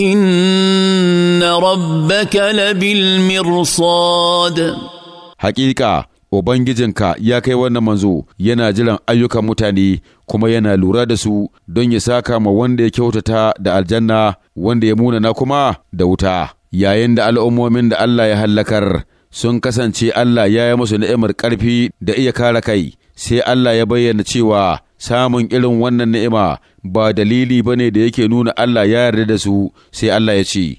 إن ربك mirsad Hakika Ubangijinka ya kai wannan manzo yana jiran ayyukan mutane kuma yana lura da su don ya saka ma wanda ya kyautata da aljanna wanda ya munana kuma da wuta yayin da al'ummomin da Allah ya hallakar sun kasance Allah ya yi musu ni'imar ƙarfi da iya kare kai sai Allah ya bayyana cewa samun irin wannan ni'ima ba dalili ba ne da yake nuna Allah ya yarda da su sai Allah ya ce,